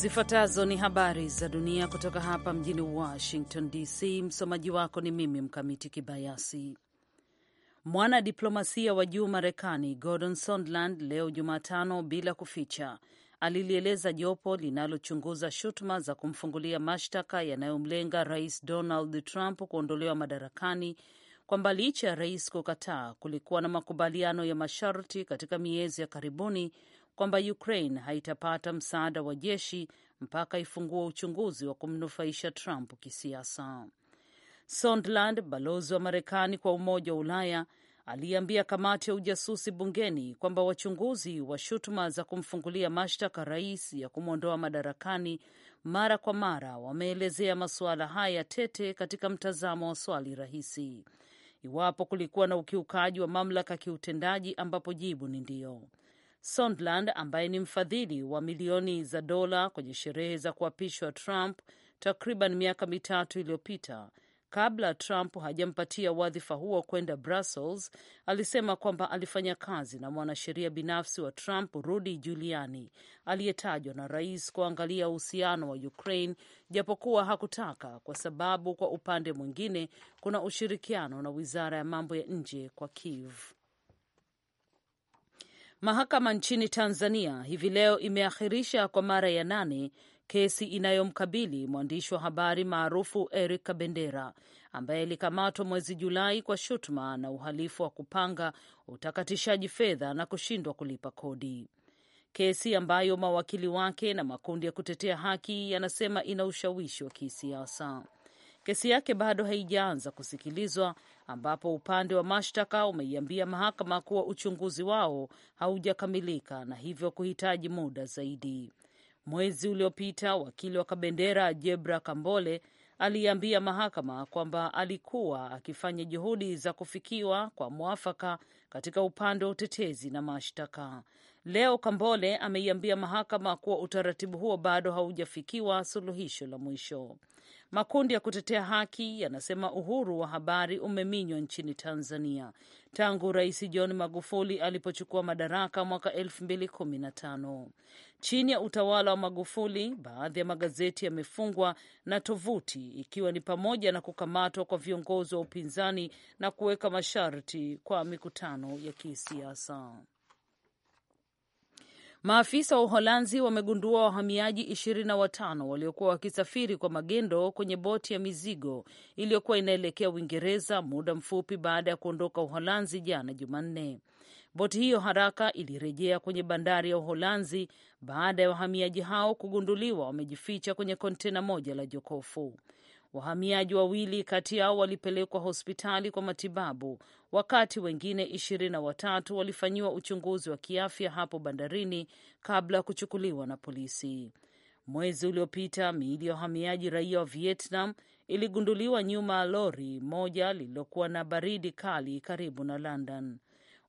Zifuatazo ni habari za dunia kutoka hapa mjini Washington DC. Msomaji wako ni mimi Mkamiti Kibayasi. Mwanadiplomasia wa juu Marekani Gordon Sondland leo Jumatano, bila kuficha, alilieleza jopo linalochunguza shutuma za kumfungulia mashtaka yanayomlenga Rais Donald Trump kuondolewa madarakani kwamba licha ya rais kukataa, kulikuwa na makubaliano ya masharti katika miezi ya karibuni kwamba Ukraine haitapata msaada wa jeshi mpaka ifungue uchunguzi wa kumnufaisha Trump kisiasa. Sondland, balozi wa Marekani kwa Umoja wa Ulaya, aliambia kamati ya ujasusi bungeni kwamba wachunguzi wa shutuma za kumfungulia mashtaka rais ya kumwondoa madarakani mara kwa mara wameelezea masuala haya tete katika mtazamo wa swali rahisi, iwapo kulikuwa na ukiukaji wa mamlaka ya kiutendaji, ambapo jibu ni ndiyo. Sondland ambaye ni mfadhili wa milioni za dola kwenye sherehe za kuapishwa Trump takriban miaka mitatu iliyopita kabla Trump hajampatia wadhifa huo kwenda Brussels, alisema kwamba alifanya kazi na mwanasheria binafsi wa Trump Rudy Giuliani aliyetajwa na rais kuangalia uhusiano wa Ukraine, japokuwa hakutaka, kwa sababu kwa upande mwingine kuna ushirikiano na wizara ya mambo ya nje kwa Kiev. Mahakama nchini Tanzania hivi leo imeakhirisha kwa mara ya nane kesi inayomkabili mwandishi wa habari maarufu Eric Kabendera ambaye alikamatwa mwezi Julai kwa shutuma na uhalifu wa kupanga utakatishaji fedha na kushindwa kulipa kodi, kesi ambayo mawakili wake na makundi ya kutetea haki yanasema ina ushawishi wa kisiasa. Kesi yake bado haijaanza kusikilizwa, ambapo upande wa mashtaka umeiambia mahakama kuwa uchunguzi wao haujakamilika na hivyo kuhitaji muda zaidi. Mwezi uliopita wakili wa Kabendera Jebra Kambole aliambia mahakama kwamba alikuwa akifanya juhudi za kufikiwa kwa mwafaka katika upande wa utetezi na mashtaka. Leo Kambole ameiambia mahakama kuwa utaratibu huo bado haujafikiwa suluhisho la mwisho. Makundi ya kutetea haki yanasema uhuru wa habari umeminywa nchini Tanzania tangu Rais John Magufuli alipochukua madaraka mwaka 2015. Chini ya utawala wa Magufuli, baadhi ya magazeti yamefungwa na tovuti, ikiwa ni pamoja na kukamatwa kwa viongozi wa upinzani na kuweka masharti kwa mikutano ya kisiasa. Maafisa wa Uholanzi wamegundua wahamiaji ishirini na watano waliokuwa wakisafiri kwa magendo kwenye boti ya mizigo iliyokuwa inaelekea Uingereza muda mfupi baada ya kuondoka Uholanzi jana Jumanne. Boti hiyo haraka ilirejea kwenye bandari ya Uholanzi baada ya wahamiaji hao kugunduliwa wamejificha kwenye kontena moja la jokofu. Wahamiaji wawili kati yao walipelekwa hospitali kwa matibabu, wakati wengine ishirini na watatu walifanyiwa uchunguzi wa kiafya hapo bandarini kabla ya kuchukuliwa na polisi. Mwezi uliopita miili ya wahamiaji raia wa Vietnam iligunduliwa nyuma ya lori moja lililokuwa na baridi kali karibu na London.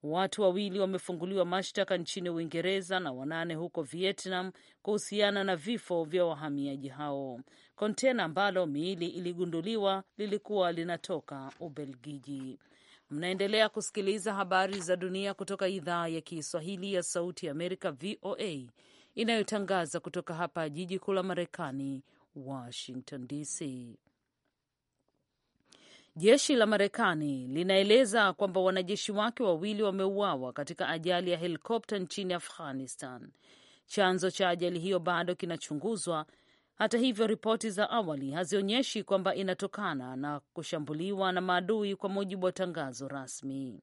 Watu wawili wamefunguliwa mashtaka nchini Uingereza na wanane huko Vietnam kuhusiana na vifo vya wahamiaji hao. Kontena ambalo miili iligunduliwa lilikuwa linatoka Ubelgiji. Mnaendelea kusikiliza habari za dunia kutoka idhaa ya Kiswahili ya Sauti ya Amerika, VOA, inayotangaza kutoka hapa jiji kuu la Marekani, Washington DC. Jeshi la Marekani linaeleza kwamba wanajeshi wake wawili wameuawa katika ajali ya helikopta nchini Afghanistan. Chanzo cha ajali hiyo bado kinachunguzwa. Hata hivyo, ripoti za awali hazionyeshi kwamba inatokana na kushambuliwa na maadui, kwa mujibu wa tangazo rasmi.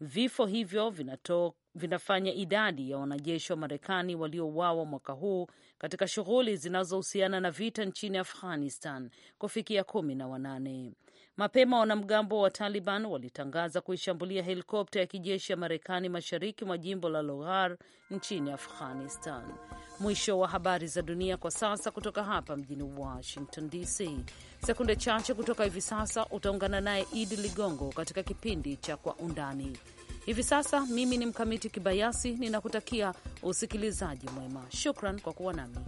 Vifo hivyo vinato, vinafanya idadi ya wanajeshi wa Marekani waliouawa mwaka huu katika shughuli zinazohusiana na vita nchini Afghanistan kufikia kumi na wanane. Mapema wanamgambo wa Taliban walitangaza kuishambulia helikopta ya kijeshi ya Marekani mashariki mwa jimbo la Lohar nchini Afghanistan. Mwisho wa habari za dunia kwa sasa kutoka hapa mjini Washington DC. Sekunde chache kutoka hivi sasa utaungana naye Idi Ligongo katika kipindi cha Kwa Undani. Hivi sasa mimi ni Mkamiti Kibayasi, ninakutakia usikilizaji mwema. Shukran kwa kuwa nami.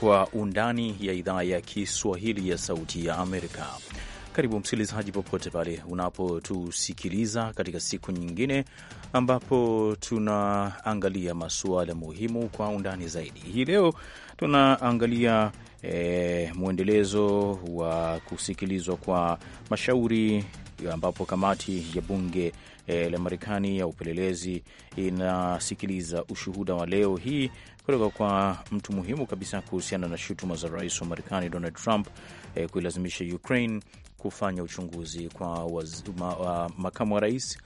kwa undani ya idhaa ya Kiswahili ya Sauti ya Amerika. Karibu msikilizaji, popote pale unapotusikiliza katika siku nyingine ambapo tunaangalia masuala muhimu kwa undani zaidi. Hii leo tunaangalia e, mwendelezo wa kusikilizwa kwa mashauri ambapo kamati ya bunge e, la Marekani ya upelelezi inasikiliza ushuhuda wa leo hii kutoka kwa mtu muhimu kabisa kuhusiana na shutuma za rais wa Marekani Donald Trump e, kuilazimisha Ukraine kufanya uchunguzi kwa waz, ma, wa, makamu wa rais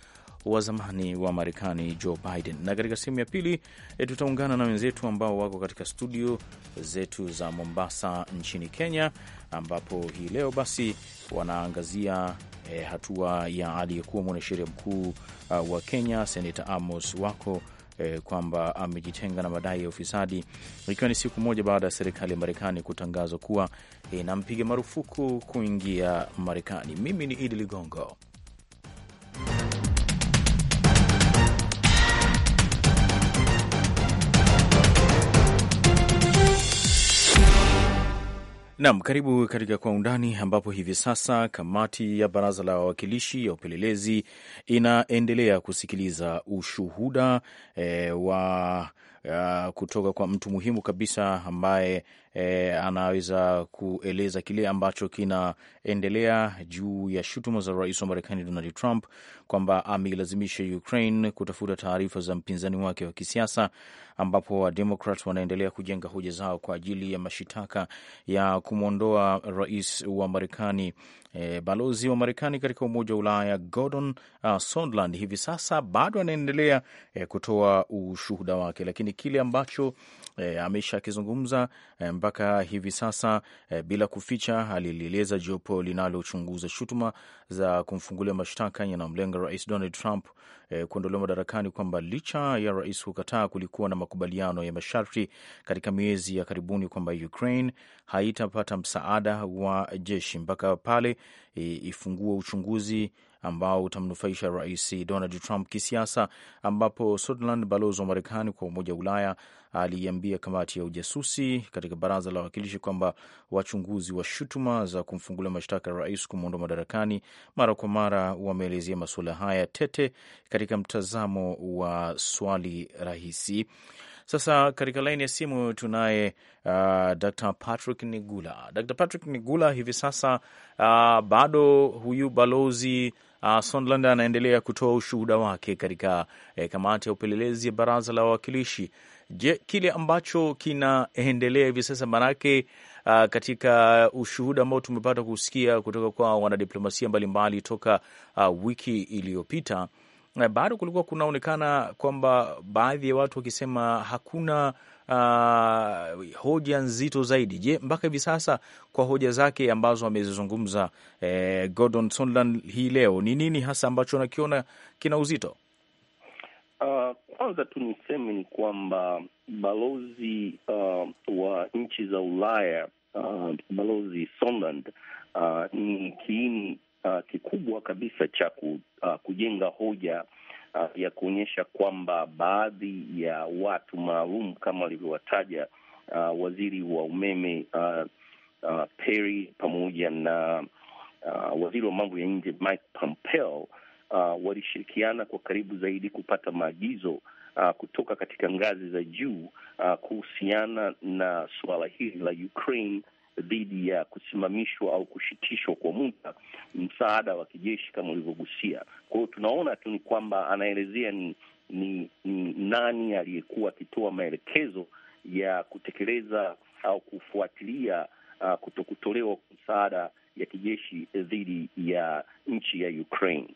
wa zamani wa Marekani Joe Biden. Na katika sehemu ya pili e, tutaungana na wenzetu ambao wako katika studio zetu za Mombasa nchini Kenya, ambapo hii leo basi wanaangazia e, hatua ya aliyekuwa mwanasheria mkuu uh, wa Kenya Senata Amos Wako e, kwamba amejitenga na madai ya ufisadi, ikiwa ni siku moja baada ya serikali ya Marekani kutangazwa kuwa inampiga e, marufuku kuingia Marekani. Mimi ni Idi Ligongo nam karibu katika Kwa Undani, ambapo hivi sasa kamati ya Baraza la Wawakilishi ya upelelezi inaendelea kusikiliza ushuhuda e, wa kutoka kwa mtu muhimu kabisa ambaye e, anaweza kueleza kile ambacho kinaendelea juu ya shutuma za rais wa Marekani Donald Trump kwamba ameilazimisha Ukraine kutafuta taarifa za mpinzani wake wa kisiasa, ambapo Wademokrat wanaendelea kujenga hoja zao kwa ajili ya mashitaka ya kumwondoa rais wa Marekani E, balozi wa Marekani katika Umoja wa Ulaya Gordon uh, Sondland hivi sasa bado anaendelea e, kutoa ushuhuda wake, lakini kile ambacho e, amesha akizungumza e, mpaka hivi sasa e, bila kuficha, alilieleza jopo linalochunguza shutuma za kumfungulia mashtaka yanamlenga Rais Donald Trump e, kuondolewa madarakani kwamba licha ya rais kukataa, kulikuwa na makubaliano ya masharti katika miezi ya karibuni kwamba Ukraine haitapata msaada wa jeshi mpaka pale ifungue uchunguzi ambao utamnufaisha Rais Donald Trump kisiasa, ambapo Sondland, balozi wa Marekani kwa Umoja wa Ulaya, aliambia kamati ya ujasusi katika Baraza la Wawakilishi kwamba wachunguzi wa shutuma za kumfungulia mashtaka ya rais kumwondoa madarakani mara kwa mara wameelezea masuala haya tete katika mtazamo wa swali rahisi sasa katika laini ya simu tunaye uh, Dr. Patrick Nigula. Dr. Patrick Nigula, hivi sasa uh, bado huyu balozi uh, Sondland anaendelea kutoa ushuhuda wake katika eh, kamati ya upelelezi ya baraza la wawakilishi. Je, kile ambacho kinaendelea hivi sasa maanake Uh, katika ushuhuda ambao tumepata kusikia kutoka kwa wanadiplomasia mbalimbali mbali toka uh, wiki iliyopita Eh, bado kulikuwa kunaonekana kwamba baadhi ya watu wakisema hakuna uh, hoja nzito zaidi. Je, mpaka hivi sasa kwa hoja zake ambazo amezizungumza eh, Gordon Sondland hii leo ni nini hasa ambacho nakiona kina uzito? Ah, kwanza tu niseme ni kwamba balozi uh, wa nchi za Ulaya uh, balozi Sondland uh, ni kiini uh, kikubwa kabisa cha ku, uh, kujenga hoja uh, ya kuonyesha kwamba baadhi ya watu maalum kama walivyowataja uh, waziri wa umeme uh, uh, Perry pamoja na uh, waziri wa mambo ya nje Mike Pompeo uh, walishirikiana kwa karibu zaidi kupata maagizo Uh, kutoka katika ngazi za juu uh, kuhusiana na suala hili la Ukraine dhidi ya kusimamishwa au kushitishwa kwa muda msaada wa kijeshi kama ulivyogusia. Kwa hiyo tunaona tu ni kwamba anaelezea ni, ni, ni nani aliyekuwa akitoa maelekezo ya kutekeleza au kufuatilia uh, kutokutolewa msaada ya kijeshi dhidi ya nchi ya Ukraine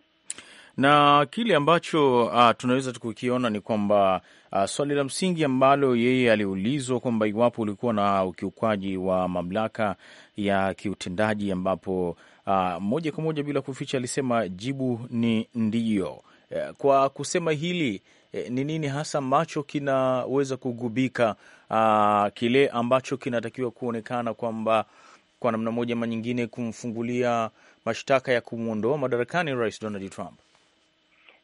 na kile ambacho uh, tunaweza tukukiona ni kwamba uh, swali la msingi ambalo yeye aliulizwa kwamba iwapo ulikuwa na ukiukwaji wa mamlaka ya kiutendaji ambapo uh, moja kwa moja bila kuficha alisema jibu ni ndiyo. Eh, kwa kusema hili eh, ni nini hasa ambacho kinaweza kugubika uh, kile ambacho kinatakiwa kuonekana kwamba kwa namna moja ama nyingine kumfungulia mashtaka ya kumwondoa madarakani Rais Donald Trump?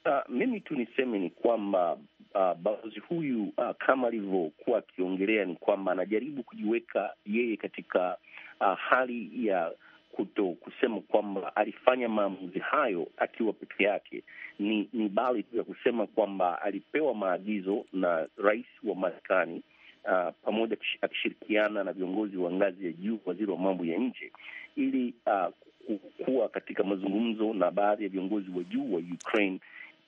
Uh, mimi tu niseme ni kwamba uh, balozi huyu uh, kama alivyokuwa akiongelea ni kwamba anajaribu kujiweka yeye katika uh, hali ya kuto kusema kwamba alifanya maamuzi hayo akiwa peke yake. Ni, ni bali tu ya kusema kwamba alipewa maagizo na rais wa Marekani uh, pamoja akishirikiana na viongozi wa ngazi ya juu, waziri wa mambo ya nje ili uh, kuwa katika mazungumzo na baadhi ya viongozi wa juu wa Ukraine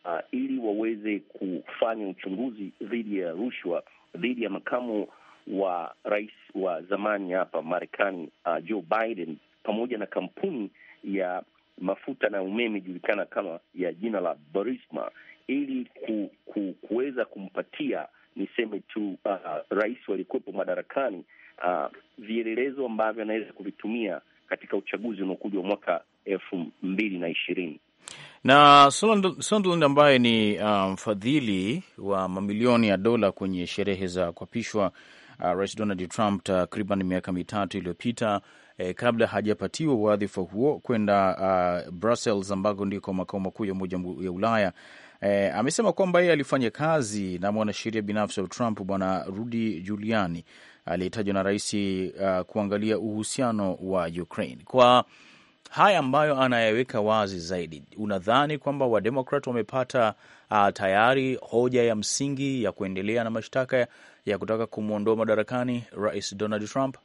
uh, ili waweze kufanya uchunguzi dhidi ya rushwa dhidi ya makamu wa rais wa zamani hapa Marekani uh, Joe Biden pamoja na kampuni ya mafuta na umeme ijulikana kama ya jina la Burisma ili ku, ku, kuweza kumpatia niseme tu uh, rais waliokuwepo madarakani uh, vielelezo ambavyo anaweza kuvitumia katika uchaguzi unaokuja wa mwaka elfu mbili na ishirini na Sondland ambaye ni uh, mfadhili um, wa mamilioni ya dola kwenye sherehe za kuapishwa uh, Rais Donald Trump takriban miaka mitatu iliyopita eh, kabla hajapatiwa wadhifa huo kwenda uh, Brussels ambako ndiko makao makuu ya Umoja ya Ulaya. Eh, amesema kwamba yeye alifanya kazi na mwanasheria binafsi wa Trump Bwana Rudy Giuliani aliyetajwa na rais uh, kuangalia uhusiano wa Ukraine kwa haya ambayo anayaweka wazi zaidi, unadhani kwamba wademokrat wamepata uh, tayari hoja ya msingi ya kuendelea na mashtaka ya kutaka kumwondoa madarakani rais Donald Trump?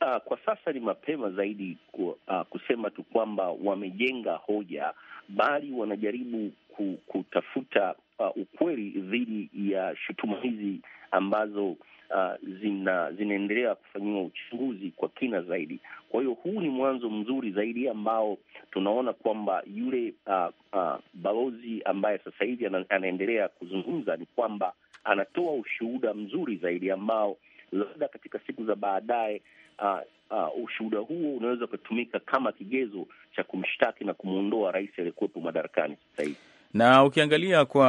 Uh, kwa sasa ni mapema zaidi ku, uh, kusema tu kwamba wamejenga hoja, bali wanajaribu ku, kutafuta uh, ukweli dhidi ya shutuma hizi ambazo uh, zina, zinaendelea kufanyiwa uchunguzi kwa kina zaidi. Kwa hiyo huu ni mwanzo mzuri zaidi ambao tunaona kwamba yule uh, uh, balozi ambaye sasa hivi ana, anaendelea kuzungumza ni kwamba anatoa ushuhuda mzuri zaidi ambao labda katika siku za baadaye uh, Uh, ushuhuda huo unaweza ukatumika kama kigezo cha kumshtaki na kumwondoa rais aliyekuwepo madarakani sasa hivi na ukiangalia kwa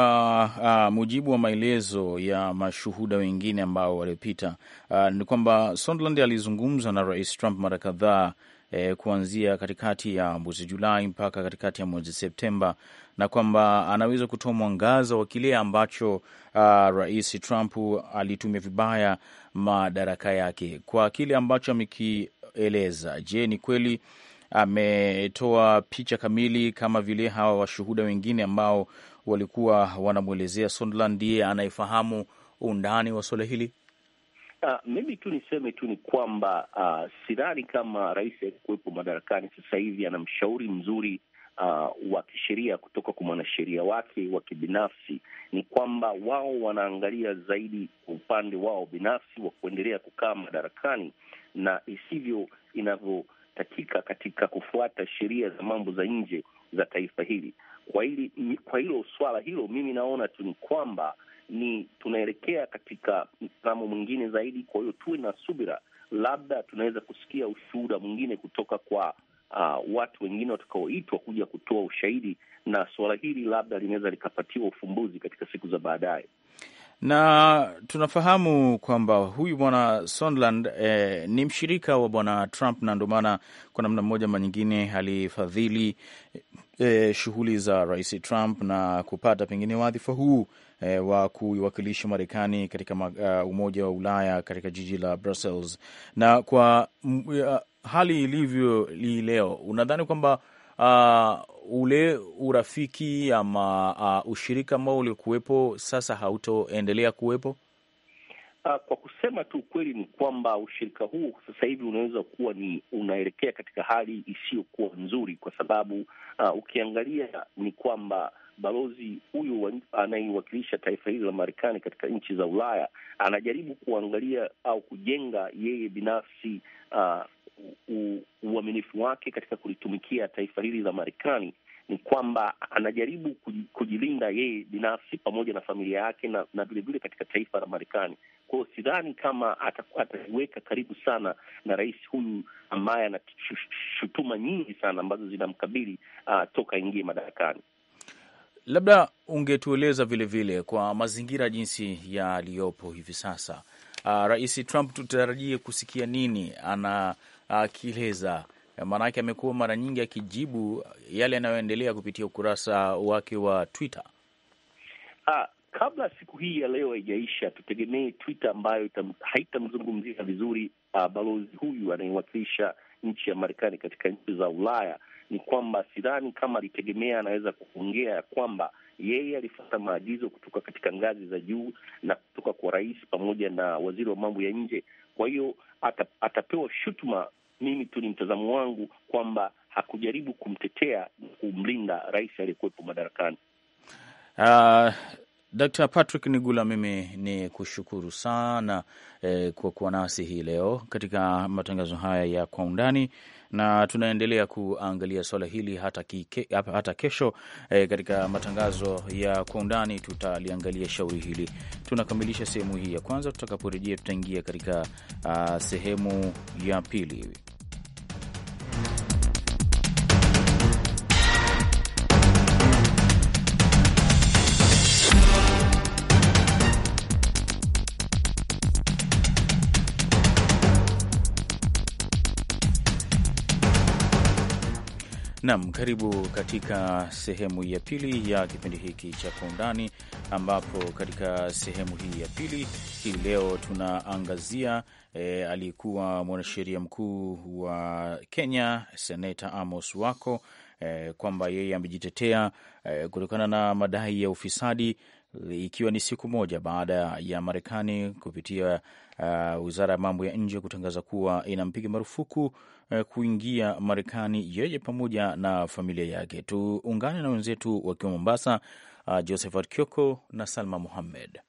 uh, mujibu wa maelezo ya mashuhuda wengine ambao waliopita, uh, ni kwamba Sondland alizungumza na Rais Trump mara kadhaa eh, kuanzia katikati ya mwezi Julai mpaka katikati ya mwezi Septemba, na kwamba anaweza kutoa mwangaza wa kile ambacho uh, Rais Trump alitumia vibaya madaraka yake kwa kile ambacho amekieleza. Je, ni kweli ametoa picha kamili, kama vile hawa washuhuda wengine ambao walikuwa wanamwelezea Sondland ndiye anayefahamu undani wa suala hili. Uh, mimi tu niseme tu ni kwamba uh, sidhani kama rais aliyekuwepo madarakani sasa hivi ana mshauri mzuri uh, wa kisheria kutoka kwa mwanasheria wake wa kibinafsi. Ni kwamba wao wanaangalia zaidi upande wao binafsi wa kuendelea kukaa madarakani na isivyo inavyo katika katika kufuata sheria za mambo za nje za taifa hili. Kwa hili kwa hilo swala hilo, mimi naona tu ni kwamba ni tunaelekea katika msimamo mwingine zaidi. Kwa hiyo tuwe na subira, labda tunaweza kusikia ushuhuda mwingine kutoka kwa uh, watu wengine watakaoitwa kuja kutoa ushahidi, na suala hili labda linaweza likapatiwa ufumbuzi katika siku za baadaye na tunafahamu kwamba huyu bwana Sondland eh, ni mshirika wa bwana Trump na ndio maana kwa namna mmoja ama nyingine alifadhili eh, shughuli za rais Trump na kupata pengine wadhifa huu eh, wa kuiwakilisha Marekani katika uh, Umoja wa Ulaya katika jiji la Brussels. Na kwa uh, hali ilivyo hii leo, unadhani kwamba uh, ule urafiki ama uh, ushirika ambao uliokuwepo sasa hautoendelea kuwepo? Uh, kwa kusema tu ukweli ni kwamba ushirika huu sasa hivi unaweza kuwa ni unaelekea katika hali isiyokuwa nzuri, kwa sababu uh, ukiangalia ni kwamba balozi huyu anayewakilisha taifa hili la Marekani katika nchi za Ulaya anajaribu kuangalia au kujenga yeye binafsi uh, uaminifu wake katika kulitumikia taifa hili la Marekani ni kwamba anajaribu kujilinda yeye binafsi pamoja na familia yake na vilevile katika taifa la Marekani. Kwa hiyo sidhani kama ataiweka karibu sana na rais huyu ambaye ana shutuma nyingi sana ambazo zinamkabili uh, toka ingie madarakani. Labda ungetueleza vilevile kwa mazingira jinsi yaliyopo hivi sasa, uh, Rais Trump tutarajie kusikia nini anakieleza? Uh, maanake amekuwa mara nyingi akijibu yale yanayoendelea kupitia ukurasa wake wa Twitter. Uh, kabla siku hii ya leo haijaisha, tutegemee Twitter ambayo haitamzungumzia vizuri uh, balozi huyu anayewakilisha nchi ya Marekani katika nchi za Ulaya ni kwamba sidhani kama alitegemea anaweza kuongea ya kwamba yeye alifata maagizo kutoka katika ngazi za juu na kutoka kwa rais pamoja na waziri wa mambo ya nje. Kwa hiyo atapewa shutuma. Mimi tu ni mtazamo wangu kwamba hakujaribu kumtetea na kumlinda rais aliyekuwepo madarakani. Uh, Dr. Patrick Nigula, mimi ni kushukuru sana eh, kwa kuwa nasi hii leo katika matangazo haya ya kwa undani na tunaendelea kuangalia swala hili hata, kike, hata kesho e, katika matangazo ya kwa undani tutaliangalia shauri hili. Tunakamilisha sehemu hii ya kwanza, tutakaporejea tutaingia katika uh, sehemu ya pili. Nam, karibu katika sehemu ya pili ya kipindi hiki cha Kwa Undani, ambapo katika sehemu hii ya pili hii leo tunaangazia e, aliyekuwa mwanasheria mkuu wa Kenya Seneta Amos Wako e, kwamba yeye amejitetea e, kutokana na madai ya ufisadi ikiwa ni siku moja baada ya Marekani kupitia uh, wizara ya mambo ya nje kutangaza kuwa inampiga marufuku Eh, kuingia Marekani, yeye pamoja na familia yake. Tuungane na wenzetu wakiwa Mombasa, ah, Josephat Kioko na Salma Muhammed.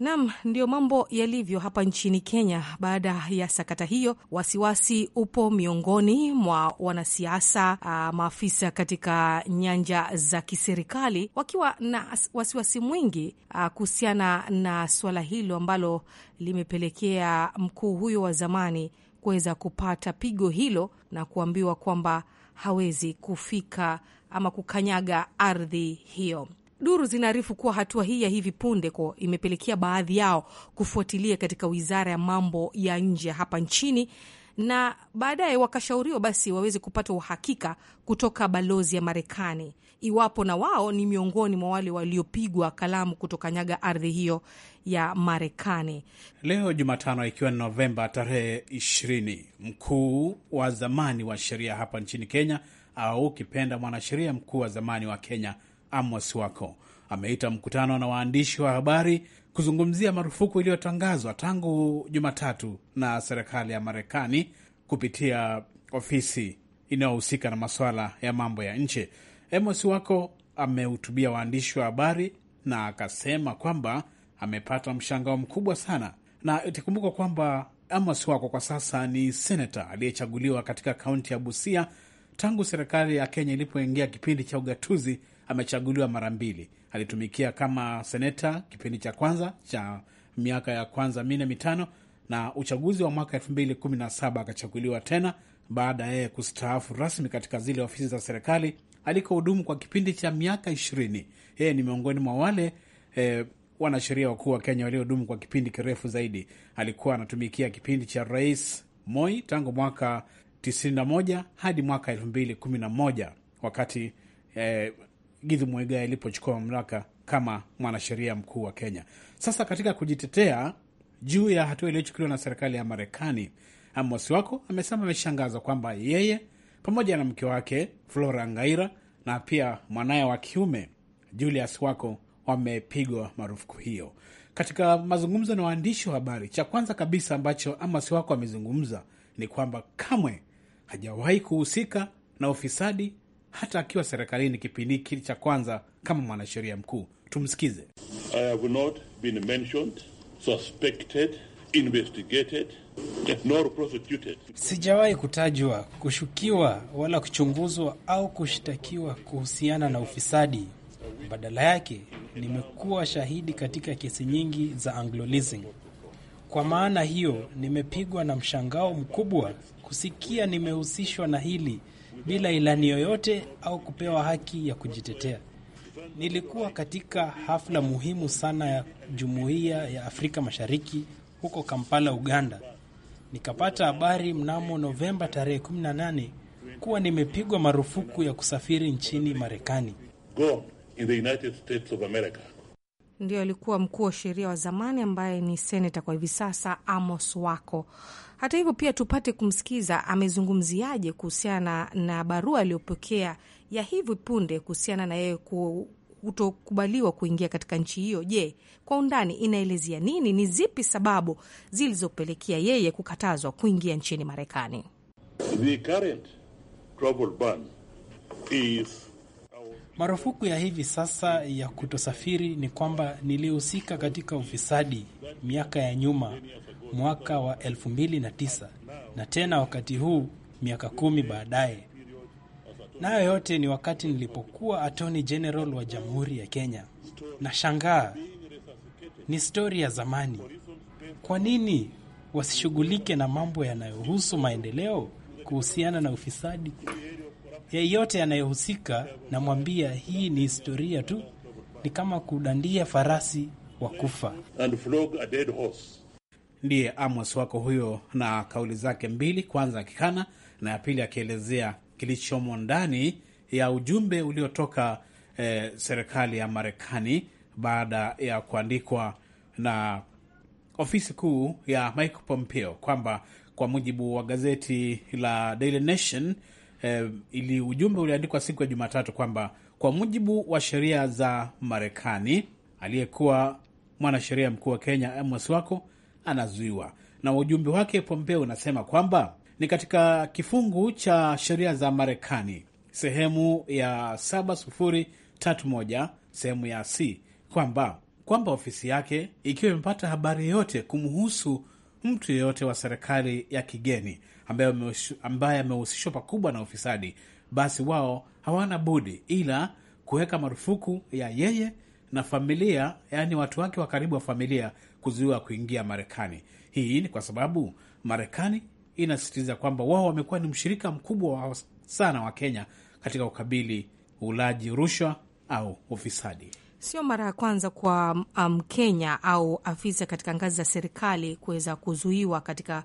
Nam, ndiyo mambo yalivyo hapa nchini Kenya. Baada ya sakata hiyo, wasiwasi upo miongoni mwa wanasiasa, ah, maafisa katika nyanja za kiserikali, wakiwa na wasiwasi mwingi ah, kuhusiana na suala hilo ambalo limepelekea mkuu huyo wa zamani kuweza kupata pigo hilo na kuambiwa kwamba hawezi kufika ama kukanyaga ardhi hiyo. Duru zinaarifu kuwa hatua hii ya hivi punde imepelekea baadhi yao kufuatilia katika wizara ya mambo ya nje hapa nchini na baadaye wakashauriwa basi waweze kupata uhakika kutoka balozi ya Marekani iwapo na wao ni miongoni mwa wale waliopigwa kalamu kutoka nyaga ardhi hiyo ya Marekani. Leo Jumatano, ikiwa ni Novemba tarehe 20, mkuu wa zamani wa sheria hapa nchini Kenya au ukipenda mwanasheria mkuu wa zamani wa Kenya Amos Wako ameita mkutano na waandishi wa habari kuzungumzia marufuku iliyotangazwa tangu Jumatatu na serikali ya Marekani kupitia ofisi inayohusika na masuala ya mambo ya nje. Amos Wako amehutubia waandishi wa habari na akasema kwamba amepata mshangao mkubwa sana, na itakumbukwa kwamba Amos Wako kwa sasa ni seneta aliyechaguliwa katika kaunti ya Busia tangu serikali ya Kenya ilipoingia kipindi cha ugatuzi amechaguliwa mara mbili. Alitumikia kama seneta kipindi cha kwanza cha miaka ya kwanza minne mitano, na uchaguzi wa mwaka elfu mbili kumi na saba akachaguliwa tena baada ya yeye kustaafu rasmi katika zile ofisi za serikali alikohudumu kwa kipindi cha miaka ishirini. Yeye ni miongoni mwa wale e, wanasheria wakuu wa Kenya waliohudumu kwa kipindi kirefu zaidi. Alikuwa anatumikia kipindi cha Rais Moi tangu mwaka 91 hadi mwaka 2011 wakati eh, Githi Muigai alipochukua mamlaka kama mwanasheria mkuu wa Kenya. Sasa katika kujitetea juu ya hatua iliyochukuliwa na serikali ya Marekani, Amos Wako amesema ameshangazwa kwamba yeye pamoja na mke wake Flora Ngaira na pia mwanaye wa kiume Julius Wako wamepigwa marufuku hiyo. Katika mazungumzo na waandishi wa habari, cha kwanza kabisa ambacho Amos Wako amezungumza ni kwamba kamwe hajawahi kuhusika na ufisadi hata akiwa serikalini kipindi hiki cha kwanza kama mwanasheria mkuu. Tumsikize. I have not been mentioned, suspected, investigated, nor prosecuted. Sijawahi kutajwa, kushukiwa, wala kuchunguzwa au kushtakiwa kuhusiana na ufisadi. Badala yake nimekuwa shahidi katika kesi nyingi za Anglo Leasing. Kwa maana hiyo, nimepigwa na mshangao mkubwa kusikia nimehusishwa na hili bila ilani yoyote au kupewa haki ya kujitetea. Nilikuwa katika hafla muhimu sana ya Jumuiya ya Afrika Mashariki huko Kampala, Uganda. Nikapata habari mnamo Novemba tarehe 18 kuwa nimepigwa marufuku ya kusafiri nchini Marekani. ndio alikuwa mkuu wa sheria wa zamani ambaye ni seneta kwa hivi sasa, Amos Wako. Hata hivyo, pia tupate kumsikiza amezungumziaje kuhusiana na barua aliyopokea ya hivi punde kuhusiana na yeye kutokubaliwa kuingia katika nchi hiyo. Je, kwa undani inaelezea nini? Ni zipi sababu zilizopelekea yeye kukatazwa kuingia nchini Marekani? marufuku ya hivi sasa ya kutosafiri ni kwamba nilihusika katika ufisadi miaka ya nyuma mwaka wa 2009 na tena wakati huu miaka kumi baadaye. Nayo yote ni wakati nilipokuwa Attorney General wa Jamhuri ya Kenya. Nashangaa, ni stori ya zamani. Kwa nini wasishughulike na mambo yanayohusu maendeleo kuhusiana na ufisadi? Yeyote anayehusika namwambia, hii ni historia tu, ni kama kudandia farasi wa kufa. And flog a dead horse ndiye Amos wako huyo, na kauli zake mbili, kwanza akikana na ya pili akielezea kilichomo ndani ya ujumbe uliotoka eh, serikali ya Marekani baada ya kuandikwa na ofisi kuu ya Mike Pompeo kwamba kwa mujibu wa gazeti la Daily Nation eh, ili ujumbe uliandikwa siku ya Jumatatu kwamba kwa mujibu wa sheria za Marekani, aliyekuwa mwanasheria mkuu wa Kenya Amos Wako anazuiwa. Na ujumbe wake Pompeo unasema kwamba ni katika kifungu cha sheria za Marekani sehemu ya 7031 sehemu ya C kwamba kwamba ofisi yake ikiwa imepata habari yoyote kumhusu mtu yeyote wa serikali ya kigeni ambaye amehusishwa pakubwa na ufisadi, basi wao hawana budi ila kuweka marufuku ya yeye na familia, yaani watu wake wa karibu wa familia kuzuiwa kuingia Marekani. Hii ni kwa sababu Marekani inasisitiza kwamba wao wamekuwa ni mshirika mkubwa sana wa Kenya katika kukabili ulaji rushwa au ufisadi. Sio mara ya kwanza kwa Mkenya um, au afisa katika ngazi za serikali kuweza kuzuiwa katika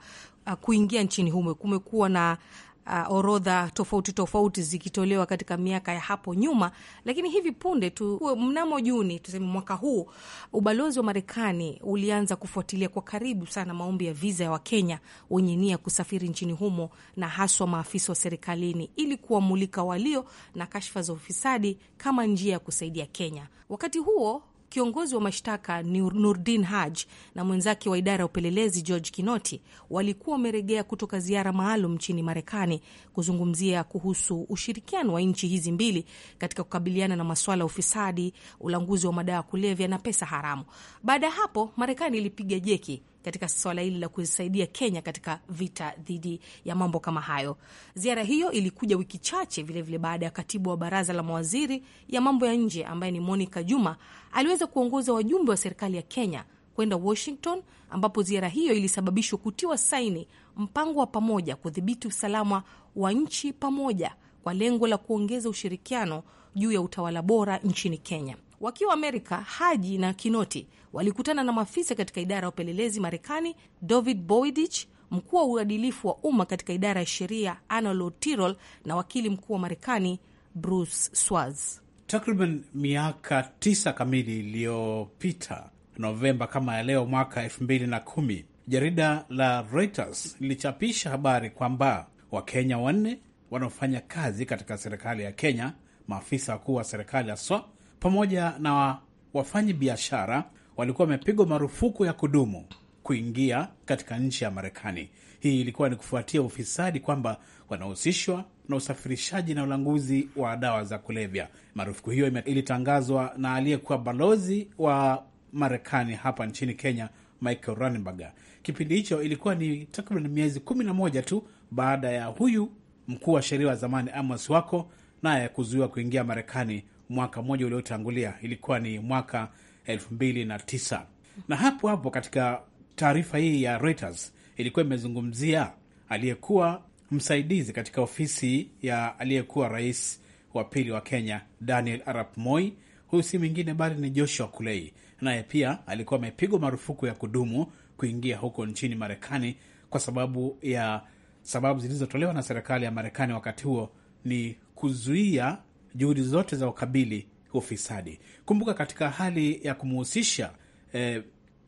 uh, kuingia nchini humo. Kumekuwa na uh, orodha tofauti tofauti zikitolewa katika miaka ya hapo nyuma, lakini hivi punde tu mnamo Juni, tuseme mwaka huu, ubalozi wa Marekani ulianza kufuatilia kwa karibu sana maombi ya viza ya Wakenya wenye nia kusafiri nchini humo na haswa maafisa wa serikalini ili kuwamulika walio na kashfa za ufisadi kama njia ya kusaidia Kenya. Wakati huo Kiongozi wa mashtaka ni Nurdin haj na mwenzake wa idara ya upelelezi George Kinoti walikuwa wameregea kutoka ziara maalum nchini Marekani kuzungumzia kuhusu ushirikiano wa nchi hizi mbili katika kukabiliana na maswala ya ufisadi, ulanguzi wa madawa ya kulevya na pesa haramu. Baada ya hapo, Marekani ilipiga jeki katika swala hili la kuisaidia Kenya katika vita dhidi ya mambo kama hayo. Ziara hiyo ilikuja wiki chache vilevile baada ya katibu wa baraza la mawaziri ya mambo ya nje ambaye ni Monica Juma aliweza kuongoza wajumbe wa serikali ya Kenya kwenda Washington, ambapo ziara hiyo ilisababishwa kutiwa saini mpango wa pamoja kudhibiti usalama wa nchi pamoja kwa lengo la kuongeza ushirikiano juu ya utawala bora nchini Kenya. Wakiwa Amerika, Haji na Kinoti walikutana na maafisa katika idara ya upelelezi Marekani, David Boydich, mkuu wa uadilifu wa umma katika idara ya sheria Anna Lotirol na wakili mkuu wa Marekani Bruce Swaz. Takriban miaka tisa kamili iliyopita, Novemba kama ya leo mwaka elfu mbili na kumi, jarida la Reuters lilichapisha habari kwamba Wakenya wanne wanaofanya kazi katika serikali ya Kenya, maafisa wakuu wa serikali haswa pamoja na wafanyi biashara walikuwa wamepigwa marufuku ya kudumu kuingia katika nchi ya Marekani. Hii ilikuwa ni kufuatia ufisadi kwamba wanahusishwa na usafirishaji na ulanguzi wa dawa za kulevya. Marufuku hiyo ilitangazwa na aliyekuwa balozi wa Marekani hapa nchini Kenya, Michael Ranenberger. Kipindi hicho ilikuwa ni takriban miezi kumi na moja tu baada ya huyu mkuu wa sheria wa zamani Amos Wako naye kuzuiwa kuingia Marekani mwaka mmoja uliotangulia, ilikuwa ni mwaka elfu mbili na tisa. Na hapo hapo katika taarifa hii ya Reuters ilikuwa imezungumzia aliyekuwa msaidizi katika ofisi ya aliyekuwa rais wa pili wa Kenya Daniel Arap Moi. Huyu si mwingine bali ni Joshua Kulei, naye pia alikuwa amepigwa marufuku ya kudumu kuingia huko nchini Marekani kwa sababu ya sababu zilizotolewa na serikali ya Marekani wakati huo ni kuzuia juhudi zote za ukabili ufisadi. Kumbuka katika hali ya kumhusisha eh,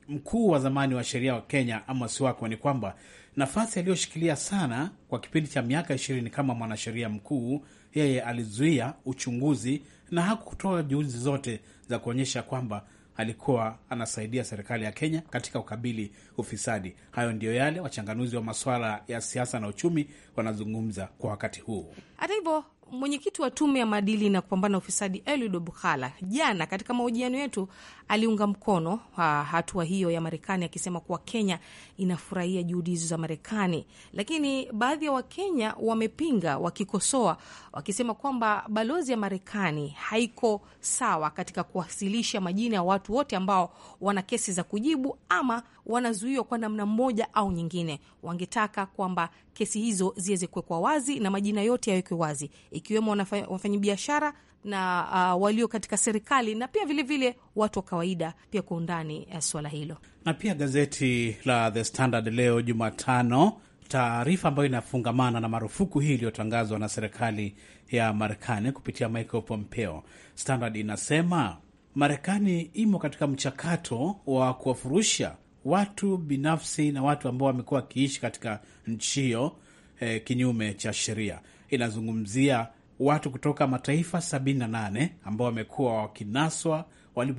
mkuu wa zamani wa sheria wa Kenya Amos Wako ni kwamba nafasi aliyoshikilia sana kwa kipindi cha miaka ishirini kama mwanasheria mkuu, yeye alizuia uchunguzi na hakutoa juhudi zote za kuonyesha kwamba alikuwa anasaidia serikali ya Kenya katika ukabili ufisadi. Hayo ndiyo yale wachanganuzi wa masuala ya siasa na uchumi wanazungumza kwa wakati huu. Hata hivyo, Mwenyekiti wa Tume ya Maadili na Kupambana na Ufisadi, Eliud Bukhala, jana katika mahojiano yetu aliunga mkono ha, hatua hiyo ya Marekani akisema kuwa Kenya inafurahia juhudi hizo za Marekani, lakini baadhi ya Wakenya wamepinga wakikosoa, wakisema kwamba balozi ya Marekani haiko sawa katika kuwasilisha majina ya watu wote ambao wana kesi za kujibu ama wanazuiwa kwa namna moja au nyingine. Wangetaka kwamba kesi hizo ziweze kuwekwa wazi na majina yote yawekwe wazi, ikiwemo wafanyabiashara na uh, walio katika serikali na pia vilevile vile watu wa kawaida pia kwa undani uh, suala hilo. Na pia gazeti la The Standard leo Jumatano, taarifa ambayo inafungamana na marufuku hii iliyotangazwa na serikali ya Marekani kupitia Michael Pompeo. Standard inasema Marekani imo katika mchakato wa kuwafurusha watu binafsi na watu ambao wamekuwa wakiishi katika nchi hiyo eh, kinyume cha sheria. Inazungumzia watu kutoka mataifa 78 ambao wamekuwa wakinaswa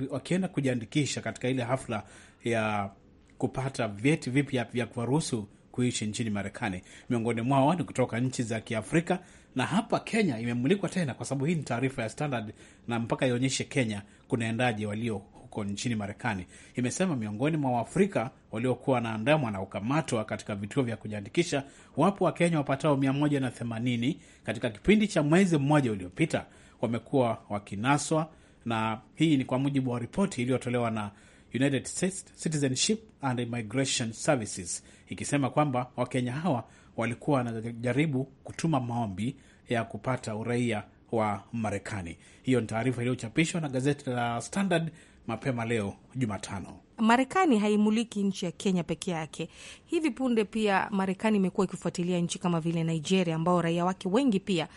wakienda kujiandikisha katika ile hafla ya kupata vyeti vipya vya kuwaruhusu kuishi nchini Marekani. Miongoni mwao ni kutoka nchi za Kiafrika na hapa Kenya imemulikwa tena, kwa sababu hii ni taarifa ya Standard na mpaka ionyeshe Kenya kunaendaje walio huko nchini Marekani imesema miongoni mwa Waafrika waliokuwa wanaandamwa na kukamatwa katika vituo vya kujiandikisha wapo Wakenya wapatao 180 katika kipindi cha mwezi mmoja uliopita wamekuwa wakinaswa, na hii ni kwa mujibu wa ripoti iliyotolewa na United States Citizenship and Immigration Services ikisema kwamba Wakenya hawa walikuwa wanajaribu kutuma maombi ya kupata uraia wa Marekani. Hiyo ni taarifa iliyochapishwa na gazeti la Standard mapema leo Jumatano. Marekani haimuliki nchi ya Kenya peke yake. Hivi punde pia Marekani imekuwa ikifuatilia nchi kama vile Nigeria, ambao raia wake wengi pia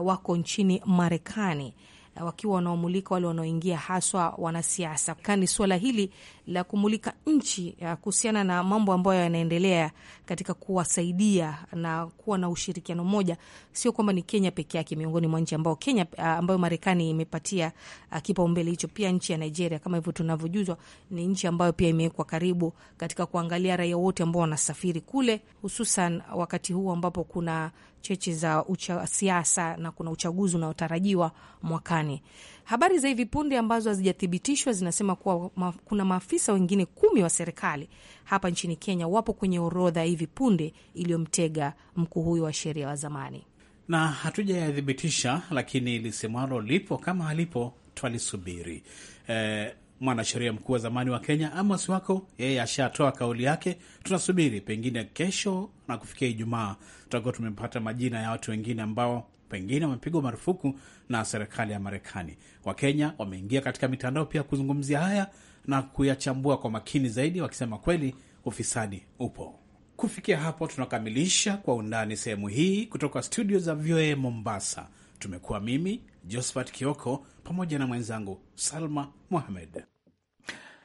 uh, wako nchini Marekani wakiwa wanaomulika wale wanaoingia haswa wanasiasa. Kani suala hili la kumulika nchi eh, kuhusiana na mambo ambayo yanaendelea katika kuwasaidia na kuwa na ushirikiano mmoja, sio kwamba ni Kenya peke yake miongoni mwa nchi ambao Kenya eh, ambayo Marekani imepatia eh, kipaumbele hicho, pia nchi ya Nigeria kama hivyo tunavyojuzwa, ni nchi ambayo pia imewekwa karibu katika kuangalia raia wote ambao wanasafiri kule, hususan wakati huu ambapo kuna cheche za siasa na kuna uchaguzi unaotarajiwa mwakani. Habari za hivi punde ambazo hazijathibitishwa zinasema kuwa ma, kuna maafisa wengine kumi wa serikali hapa nchini Kenya wapo kwenye orodha hivi punde iliyomtega mkuu huyo wa sheria wa zamani, na hatujayathibitisha, lakini lisemwalo lipo kama halipo twalisubiri. Eh, mwanasheria mkuu wa zamani wa Kenya Amos Wako yeye ashatoa kauli yake. Tunasubiri pengine kesho na kufikia Ijumaa tutakuwa tumepata majina ya watu wengine ambao pengine wamepigwa marufuku na serikali ya Marekani. Wakenya wameingia katika mitandao pia kuzungumzia haya na kuyachambua kwa makini zaidi, wakisema kweli ufisadi upo. Kufikia hapo, tunakamilisha kwa undani sehemu hii kutoka studio za VOA Mombasa. Tumekuwa mimi Josephat Kioko pamoja na mwenzangu Salma Mohamed.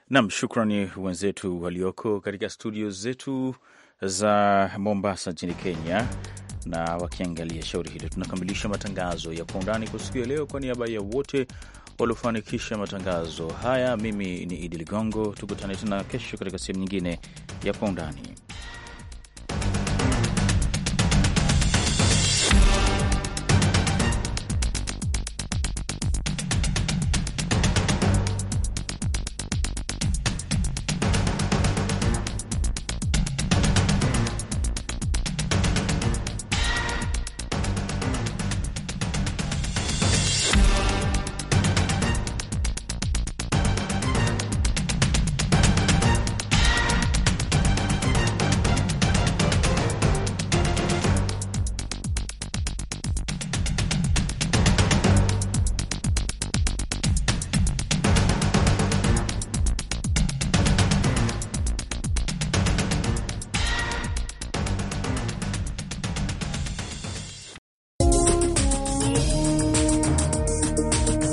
Nam, shukrani wenzetu walioko katika studio zetu za Mombasa nchini Kenya na wakiangalia shauri hilo. Tunakamilisha matangazo ya Kwa Undani kwa siku ya leo. Kwa niaba ya wote waliofanikisha matangazo haya, mimi ni Idi Ligongo. Tukutane tena kesho katika sehemu nyingine ya Kwa Undani.